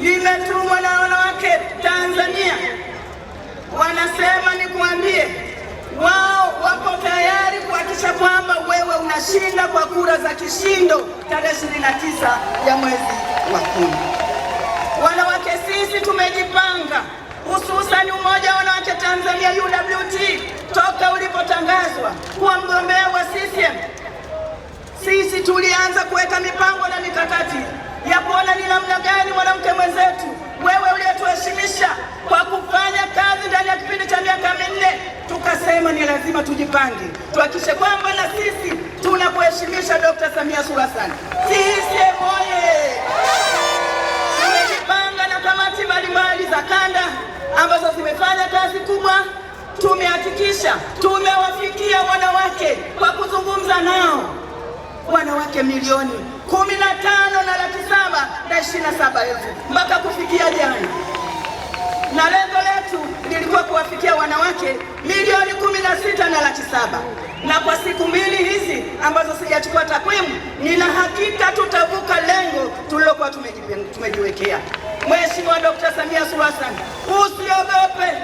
limetumwa na wanawake Tanzania. Wanasema nikuambie, wao wako tayari kuhakikisha kwamba wewe unashinda kwa kura za kishindo tarehe 29 ya mwezi wa kumi. Wanawake sisi tumejipanga, hususan umoja wa wanawake Tanzania UWT, toka ulipotangazwa kuwa mgombea wa CCM sisi tulianza kuweka mipango miaka minne, tukasema ni lazima tujipange, tuhakikishe kwamba na sisi tunakuheshimisha Dr. Samia Suluhu Hassan. CCM oye! Tumejipanga na kamati mbalimbali za kanda ambazo zimefanya kazi kubwa. Tumehakikisha tumewafikia wanawake kwa kuzungumza nao, wanawake milioni kumi na tano na laki saba na ishirini na saba elfu mpaka kufikia jana, na lengo letu milioni kumi na sita na laki saba na kwa siku mbili hizi ambazo sijachukua takwimu, nina hakika tutavuka lengo tulilokuwa tumejiwekea. Mheshimiwa Dkt. Samia Suluhu Hassan, usiogope.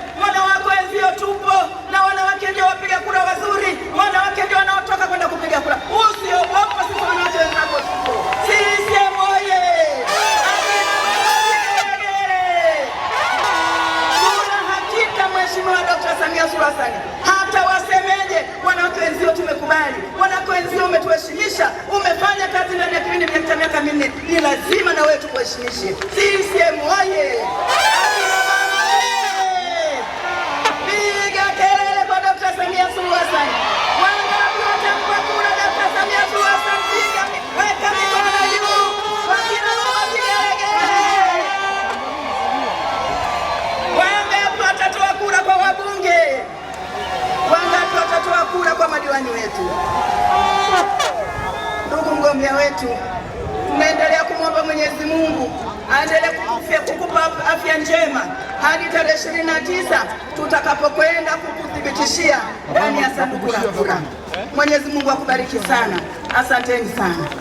Hassan, hata wasemeje wenzio, tumekubali wenzio, umetuheshimisha, umefanya kazi ndani ya kipindi cha miaka minne, ni lazima na wewe tukuheshimishe. CCM oye! diwani wetu, ndugu mgombea wetu, tunaendelea kumwomba Mwenyezi Mungu aendelee kukupa afya njema hadi tarehe ishirini na tisa tutakapokwenda kukuthibitishia ndani ya sanduku la kura. Mwenyezi Mungu akubariki sana, asanteni sana.